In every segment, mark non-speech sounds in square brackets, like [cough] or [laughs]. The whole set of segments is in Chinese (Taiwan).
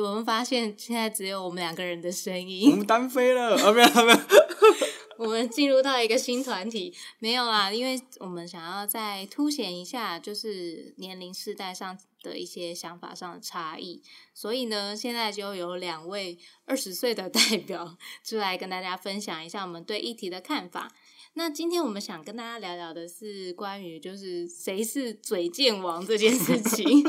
我們發現現在只有我們兩個人的聲音，我們單飛了，沒有沒有。我們進入到一個新團體，沒有啦，因為我們想要再凸顯一下，就是年齡世代上的一些想法上的差異，所以呢，現在就有兩位二十歲的代表，出來跟大家分享一下我們對議題的看法。那今天我們想跟大家聊聊的是關於，就是誰是嘴賤王這件事情。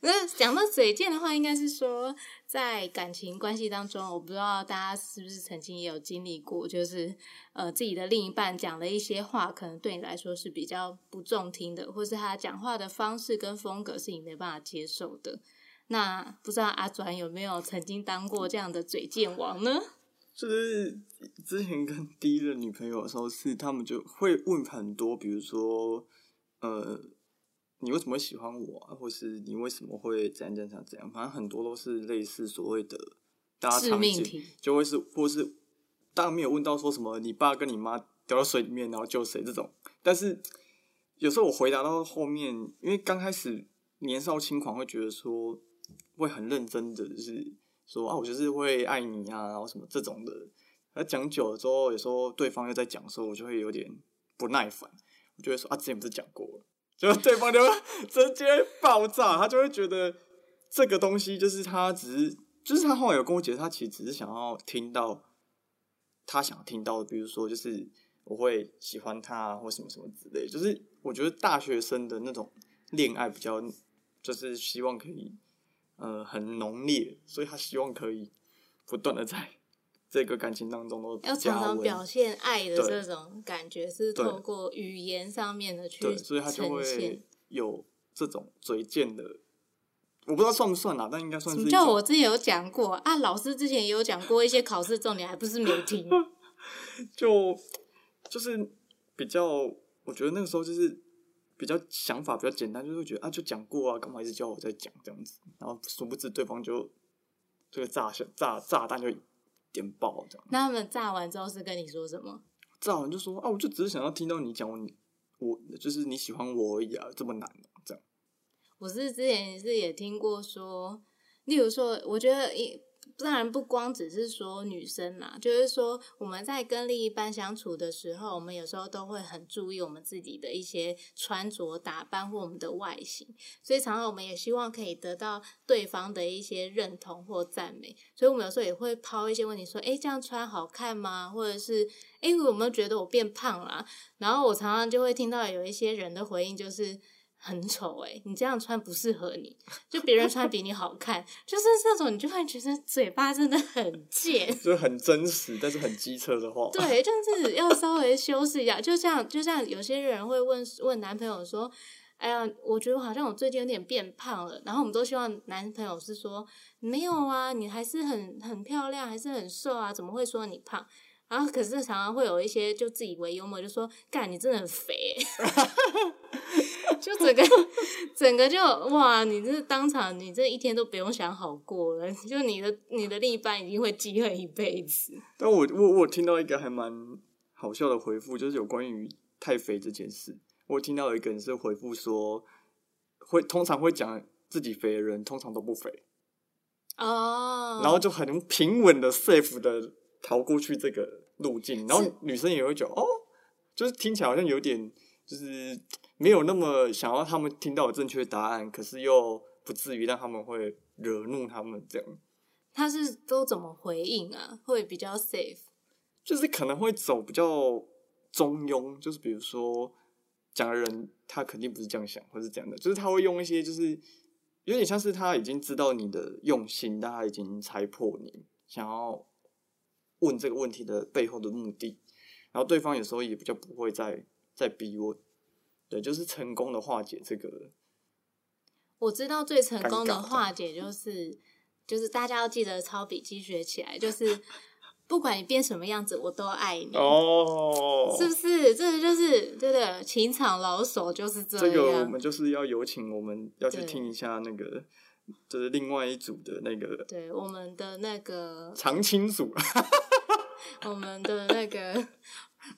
那講到嘴賤的話，應該是說在感情關係當中，我不知道大家是不是曾經也有經歷過，就是呃自己的另一半講了一些話，可能對你來說是比較不中聽的，或是他講話的方式跟風格是你沒辦法接受的。那不知道阿轉有沒有曾經當過這樣的嘴賤王呢？就是之前跟第一任女朋友的時候，是他們就會問很多，比如說，呃，你為什麼會喜歡我，啊，或是你為什麼會怎樣怎樣怎樣，反正很多都是類似所謂的大家場景，就會是或是，當然沒有問到說什麼你爸跟你媽掉到水裡面然後救誰這種，但是有時候我回答到後面，因為剛開始年少輕狂會覺得說會很認真的，就是。說啊，我就是會愛你啊，然後什麼這種的。他講久了之後，有時候對方又在講的時候，我就會有點不耐煩，我就會說啊，之前不是講過了，就對方就會直接爆炸。他就會覺得這個東西就是他只是，就是他後來有跟我解釋，他其實只是想要聽到他想聽到的，比如說就是我會喜歡他啊或什麼什麼之類。就是我覺得大學生的那種戀愛比較，就是希望可以。呃，很濃烈，所以他希望可以不斷的在這個感情當中都要常常表現愛的這種感覺，是透過語言上面的去對，所以他就會有這種嘴賤的，我不知道算不算啊，但應該算是。什麼叫我之前有講過啊？老師之前也有講過一些考試重點，還不是沒聽。 [laughs] 就就是比較，我覺得那個時候就是。比較想法比較簡單，就是會覺得啊，就講過啊，幹嘛一直叫我再講這樣子？然後殊不知對方就這個炸炸炸彈就點爆這樣。那他們炸完之後是跟你說什麼？炸完就說啊，我就只是想要聽到你講我，我，就是你喜歡我而已啊，這麼難啊這樣。我是之前也是也聽過說，例如說，我覺得一。當然不光只是說女生啦，就是說我們在跟另一半相處的時候，我們有時候都會很注意我們自己的一些穿着打扮或我們的外形，所以常常我們也希望可以得到對方的一些認同或讚美，所以我們有時候也會拋一些問題說：“誒，這樣穿好看嗎？”或者是“誒，我們有沒有覺得我變胖了啊。”然後我常常就會聽到有一些人的回應就是。很醜哎、欸，你這樣穿不適合你，就別人穿比你好看， [laughs] 就是那種你就會覺得嘴巴真的很賤， [laughs] 就是很真實，但是很機車的話，對，就是要稍微修飾一下， [laughs] 就像就像有些人會問問男朋友說：“哎呀，我覺得好像我最近有點變胖了。”然後我們都希望男朋友是說：“沒有啊，你還是很很漂亮，還是很瘦啊，怎麼會說你胖？”然後可是常常會有一些就自以為幽默，就說：“幹，你真的很肥、欸。 [laughs] ”就整個， [laughs] 整個就哇！你這當場，你這一天都不用想好過了。就你的你的另一半已經會記恨一輩子。但我我我聽到一個還蠻好笑的回復，就是有關於太肥這件事。我聽到一個人是回復說，會通常會講自己肥的人通常都不肥。哦、oh.。然後就很平穩的 safe 的逃過去這個路徑，然後女生也會覺得哦，就是聽起來好像有點就是。沒有那麼想要他們聽到正確的答案，可是又不至於讓他們會惹怒他們這樣。他是都怎麼回應啊？會比較 safe？就是可能會走比較中庸，就是比如說講的人他肯定不是這樣想，或是這樣的，就是他會用一些就是有點像是他已經知道你的用心，但他已經猜破你想要問這個問題的背後的目的，然後對方有時候也比較不會再再逼問。對，就是成功的化解這個。我知道最成功的化解就是，就是大家要記得抄筆記學起來，就是不管你變什麼樣子，我都愛你哦，是不是？這個、就是，對對，情場老手就是這樣、這個。我們就是要有請，我們要去聽一下那個，就是另外一組的那個，對，我們的那個長青組， [laughs] 我們的那個。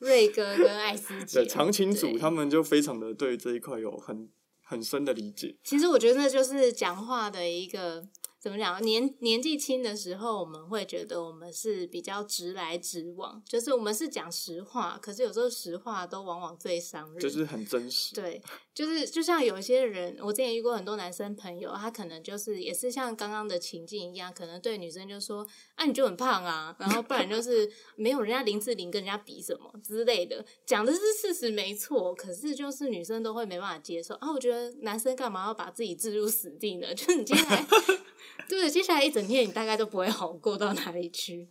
瑞哥跟艾斯姐，長 [laughs] 情組。對他們就非常的對這一塊有很很深的理解。其實我覺得那就是講話的一個。怎麼講？年年紀輕的時候，我們會覺得我們是比較直來直往，就是我們是講實話，可是有時候實話都往往最傷人，就是很真實。對，就是就像有一些人，我之前遇過很多男生朋友，他可能就是也是像剛剛的情境一樣，可能對女生就說：“啊，你就很胖啊，然後不然就是沒有人家林志玲跟人家比什麼之類的，講的是事實沒錯，可是就是女生都會沒辦法接受啊，我覺得男生幹嘛要把自己置入死地呢？就你今天還。 [laughs] 對，對，接下來一整天你大概都不會好過到哪裡去。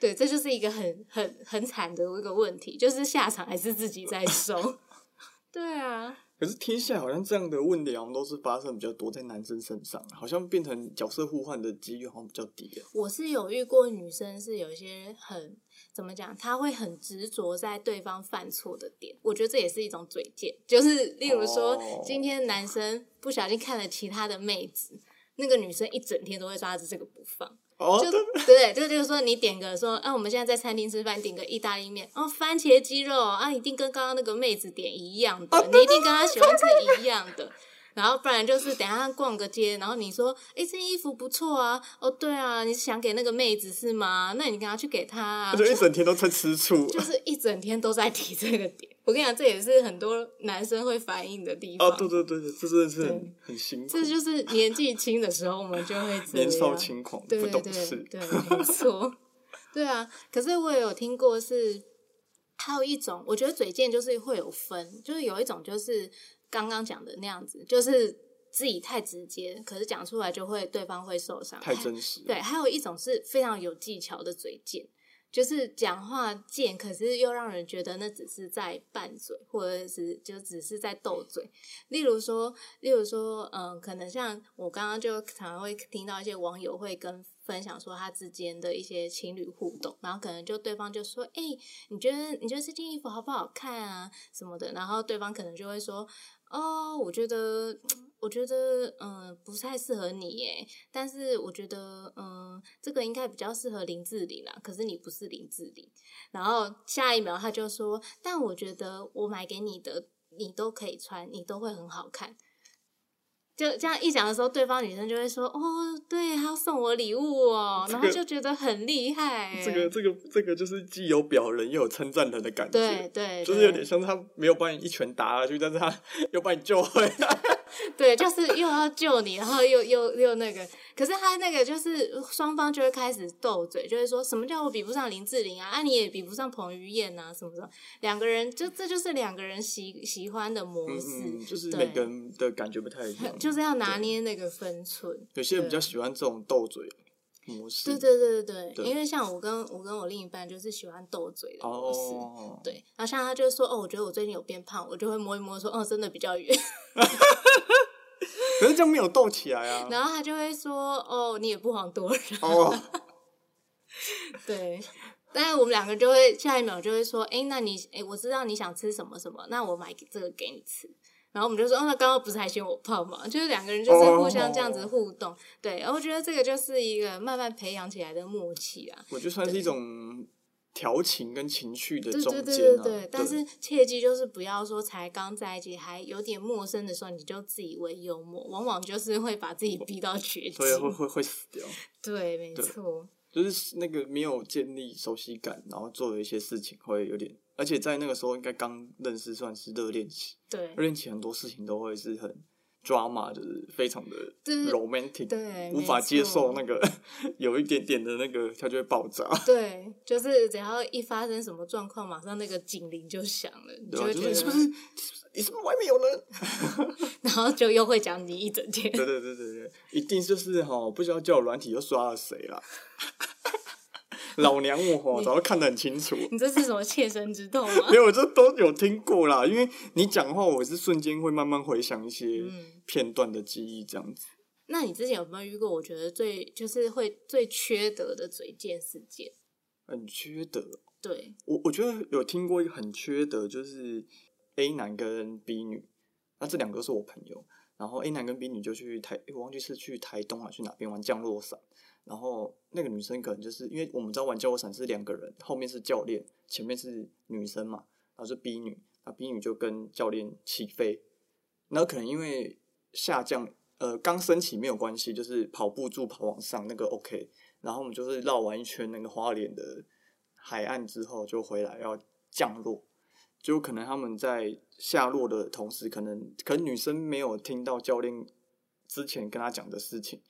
對，這就是一個很、很、很慘的一個問題，就是下場還是自己在受。 [laughs] 對啊，可是天下好像這樣的問題，好像都是發生比較多在男生身上，好像變成角色互換的幾率好像比較低。我是有遇過女生，是有一些很怎麼講，她會很執着在對方犯錯的點，我覺得這也是一種嘴賤。就是例如說，oh. 今天男生不小心看了其他的妹子。那個女生一整天都會抓着這個不放，oh, 就對，對，對，就就是說你點個說，啊我們現在在餐廳吃飯，點個意大利麵，哦，番茄雞肉啊，一定跟剛剛那個妹子點一樣的，oh, 你一定跟她喜歡吃一樣的，oh, 然後不然就是等一下逛個街， [laughs] 然後你說，哎，這衣服不錯啊，哦，對啊，你是想給那個妹子是嗎？那你跟她去給她、啊，我就一整天都在吃醋就，就是一整天都在提這個點。我跟你講，這也是很多男生會反應的地方。啊、哦，對對對，這真的是很，很辛苦。這就是年紀輕的時候，我們就會 [laughs] 年少輕狂，對對對對，不懂事。對，對，沒錯。 [laughs] 對啊，可是我也有聽過是，還有一種，我覺得嘴賤就是會有分，就是有一種就是剛剛講的那樣子，就是自己太直接，可是講出來就會對方會受傷。太真實。對，還有一種是非常有技巧的嘴賤。就是講話賤，可是又讓人覺得那只是在拌嘴，或者是就只是在鬥嘴。例如說，例如說，嗯，可能像我剛剛就常常會聽到一些網友會跟分享說他之間的一些情侶互動，然後可能就對方就說：“哎，你覺得你覺得這件衣服好不好看啊？”什麼的，然後對方可能就會說：“哦，我覺得。”我覺得，嗯，不太適合你耶，但是我覺得，嗯，這個應該比較適合林志玲啦。可是你不是林志玲。然後下一秒他就說：“但我覺得我買給你的，你都可以穿，你都會很好看。”就這樣一講的時候，對方女生就會說：“哦，對，她要送我禮物哦、喔這個，然後就覺得很厲害、欸。”這個、這個、這個就是既有表人又有稱讚人的感覺，對對，對，就是有點像他沒有把你一拳打下去，但是他又把你救回來。 [laughs] 對，就是又要救你，然後又又又那個。可是他那個就是雙方就會開始鬥嘴，就會、是、說什麼叫我比不上林志玲啊，啊你也比不上彭於晏啊什麼什麼。兩個人就這就是兩個人喜喜歡的模式，嗯嗯，就是每個人的感覺不太一樣。就是要拿捏那個分寸。有些人比較喜歡這種鬥嘴模式。對對對對，對因為像我跟我跟我另一半就是喜歡鬥嘴的模式。Oh. 對，然後像他就說：“哦，我覺得我最近有變胖，我就會摸一摸，說：‘哦，真的比較圓 [laughs] 可是就沒有鬥起來啊。然後他就會說：“哦，你也不遑多讓。Oh. ” [laughs] 對，但是我們兩個就會下一秒就會說：“哎、欸，那你哎、欸，我知道你想吃什麼什麼，那我買這個給你吃。”然後我們就說，哦，那剛剛不是還嫌我胖嗎？就是兩個人就是互相這樣子互動，oh. 對。然後我覺得這個就是一個慢慢培養起來的默契啊。我就算是一種調情跟情緒的，這種。對對對、對、對、對、對。但是切記就是不要說才剛在一起還有點陌生的時候，你就自以為幽默，往往就是會把自己逼到絕境，對，會會會死掉。對，沒錯。就是那個沒有建立熟悉感，然後做的一些事情，會有點。而且在那個時候，應該剛認識，算是熱戀期。對。熱戀期很多事情都會是很 drama，就是非常的 romantic，對，對無法接受那個 [laughs] 有一點點的那個，它就會爆炸。對，就是只要一發生什麼狀況，馬上那個警鈴就響了，你就會覺得、就是、是不是你是不是外面有人？ [laughs] 然後就又會講你一整天。對對對對對，一定就是哈、喔，不知道叫我軟體，又刷了誰了？老娘我，我早就看得很清楚。你這是什麼切身之痛嗎？ [laughs] 沒有，這都有聽過啦。因為你講話，我是瞬間會慢慢回想一些片段的記憶，這樣子，嗯。那你之前有沒有遇過我覺得最就是會最缺德的嘴賤事件？很缺德。對，我我覺得有聽過一個很缺德，就是 A 男跟 B 女，那、啊、這兩個是我朋友。然後 A 男跟 B 女就去台，欸、我忘記是去台東啊，去哪邊玩降落傘，然後那個女生可能就是因為我們在玩降落傘是兩個人，後面是教練，前面是女生嘛，然後是 B 女，那、啊、B 女就跟教練起飛，那可能因為下降，呃，剛升起沒有關係，就是跑步助跑往上那個 OK，然後我們就是繞完一圈那個花蓮的海岸之後就回來要降落，就可能他們在下落的同時，可能可能女生沒有聽到教練之前跟她講的事情，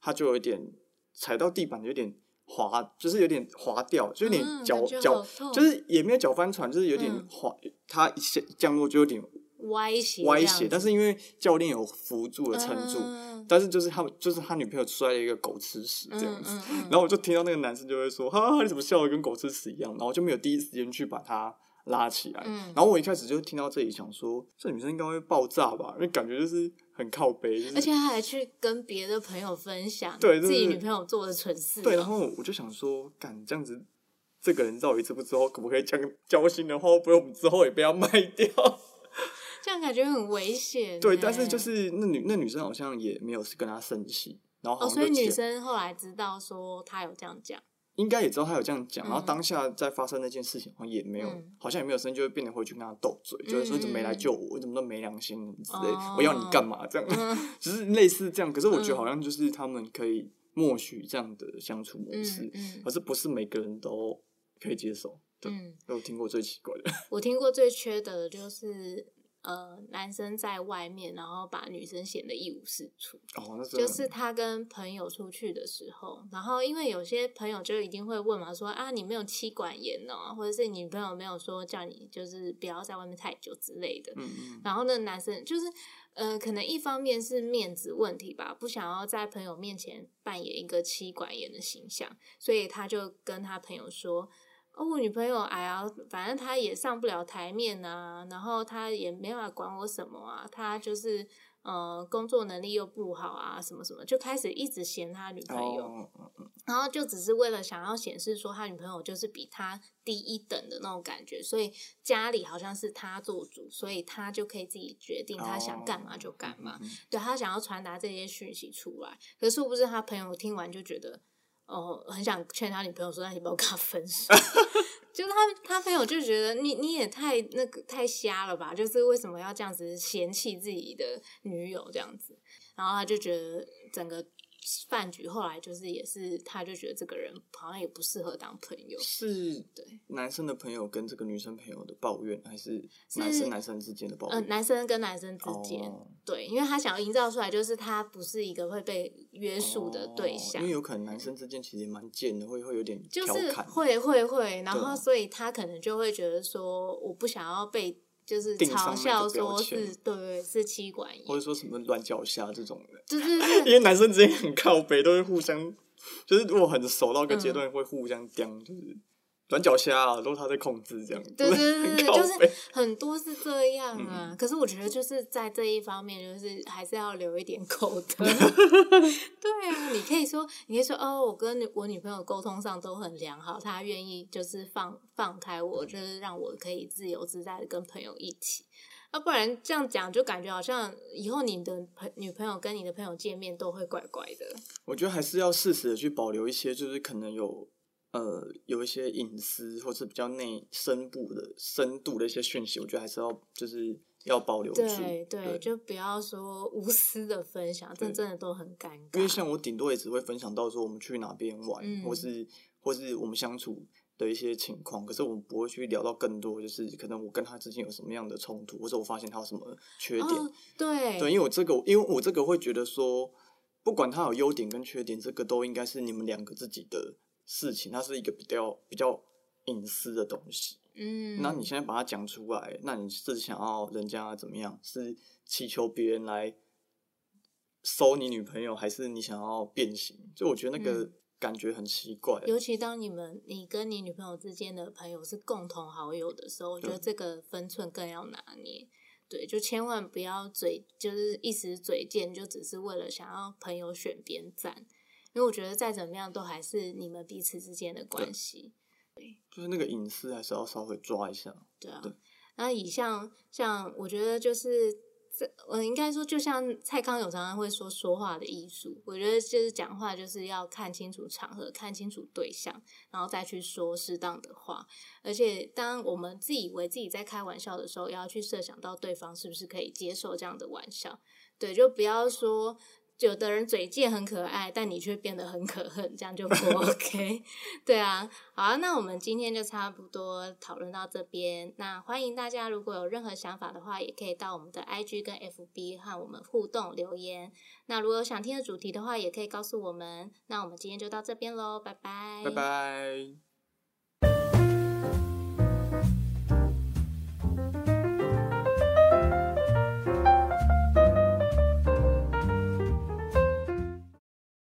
她就有一點。踩到地板有點滑，就是有點滑掉，就有你腳、嗯、腳就是也沒有腳翻船，就是有點滑，它、嗯、降降落就有點歪斜，歪斜。但是因為教練有扶住的撐住，嗯、但是就是他就是他女朋友摔了一個狗吃屎這樣子，嗯、然後我就聽到那個男生就會說：“哈、嗯啊，你怎麼笑得跟狗吃屎一樣？”然後就沒有第一時間去把他。拉起來、嗯，然後我一開始就聽到這裡，想說這女生應該會爆炸吧，因為感覺就是很靠北、就是，而且他還去跟別的朋友分享對、就是、自己女朋友做的蠢事。對，然後我就想說，敢這樣子，這個人在我一次不知道可不可以交交心的話，不用之後也不要賣掉。這樣感覺很危險、欸。對，但是就是那女那女生好像也沒有是跟他生氣，然後、哦、所以女生後來知道說她有這樣講。應該也知道他有這樣講、嗯，然後當下在發生那件事情、嗯，好像也沒有，好像也沒有聲音就會變得回去跟他鬥嘴、嗯，就是說怎麼沒來救我，嗯、我怎麼都沒良心之類、哦、我要你幹嘛這樣，只、嗯，就是類似這樣。可是我覺得好像就是他們可以默許這樣的相處模式，可、嗯、是不是每個人都可以接受？對、嗯、我聽過最奇怪的，我聽過最缺德的就是。呃，男生在外面，然後把女生顯得一無是處。Oh, right. 就是他跟朋友出去的時候，然後因為有些朋友就一定會問嘛說，說啊，你沒有妻管嚴哦，或者是你女朋友沒有說叫你，就是不要在外面太久之類的。Mm-hmm. 然後那男生就是，呃，可能一方面是面子問題吧，不想要在朋友面前扮演一個妻管嚴的形象，所以他就跟他朋友說。哦，我女朋友，哎呀，反正她也上不了台面吶、啊，然後她也沒法管我什麼啊，她就是呃，工作能力又不好啊，什麼什麼，就開始一直嫌他女朋友，oh. 然後就只是為了想要顯示說他女朋友就是比他低一等的那種感覺，所以家裡好像是他做主，所以他就可以自己決定他想幹嘛就幹嘛，oh. 對，他想要傳達這些訊息出來，可是，是不是他朋友聽完就覺得。哦，很想勸他女朋友說：“那你不要跟他分手。 [laughs] 就”就是他他朋友就覺得你你也太那個太瞎了吧，就是為什麼要這樣子嫌棄自己的女友這樣子？然後他就覺得整個。飯局後來就是也是，他就覺得這個人好像也不適合當朋友。是的，男生的朋友跟這個女生朋友的抱怨，還是男生男生之間的抱怨？嗯、呃，男生跟男生之間、哦，對，因為他想要營造出來，就是他不是一個會被約束的對象。哦、因為有可能男生之間其實蠻賤的，會會有點調侃，就是會會會，然後所以他可能就會覺得說，我不想要被。就是嘲笑說是、就是、笑說是對，對是妻管嚴，或者說什麼軟腳蝦這種的，就是因為男生之間很靠北，都會互相，就是如果很熟到一個階段、嗯、會互相叼，就是。短腳蝦啊，都是他在控制這樣，對對對、對，就是很多是這樣啊，嗯。可是我覺得就是在這一方面，就是還是要留一點口德。 [laughs] [laughs] 對啊，你可以說，你可以說哦，我跟我女朋友溝通上都很良好，她願意就是放放開我，嗯，就是讓我可以自由自在的跟朋友一起。啊，不然這樣講，就感覺好像以後你的朋女朋友跟你的朋友見面都會怪怪的。我覺得還是要適時的去保留一些，就是可能有。呃，有一些隱私，或是比較內、深部的深度的一些訊息，我覺得還是要就是要保留住，對、對，對，就不要說無私的分享，這真的都很尷尬。因為像我頂多也只會分享到說我們去哪邊玩、嗯，或是或是我們相處的一些情況，可是我們不會去聊到更多，就是可能我跟他之間有什麼樣的衝突，或者我發現他有什麼缺點，哦、對對，因為我這個因為我這個會覺得說，不管他有優點跟缺點，這個都應該是你們兩個自己的。事情，它是一個比較比較隱私的東西。嗯，那你現在把它講出來，那你是想要人家怎麼樣？是祈求別人來收你女朋友，還是你想要變形？就我覺得那個感覺很奇怪。嗯，尤其當你們你跟你女朋友之間的朋友是共同好友的時候，嗯，我覺得這個分寸更要拿捏。對，就千萬不要嘴，就是一時嘴賤，就只是為了想要朋友選邊站。因為我覺得再怎麼樣都還是你們彼此之間的關係，對，對就是那個隱私還是要稍微抓一下，對啊。對那以像像我覺得就是這，我應該說就像蔡康永常常會說說話的藝術，我覺得就是講話就是要看清楚場合，看清楚對象，然後再去說適當的話。而且當我們自以為自己在開玩笑的時候，也要去設想到對方是不是可以接受這樣的玩笑，對，就不要說。有的人嘴賤很可愛，但你卻變得很可恨，這樣就不 [laughs] OK。對啊，好啊，那我們今天就差不多討論到這邊。那歡迎大家如果有任何想法的話，也可以到我們的 IG 跟 FB 和我們互動留言。那如果有想聽的主題的話，也可以告訴我們。那我們今天就到這邊嘍，拜拜，拜拜。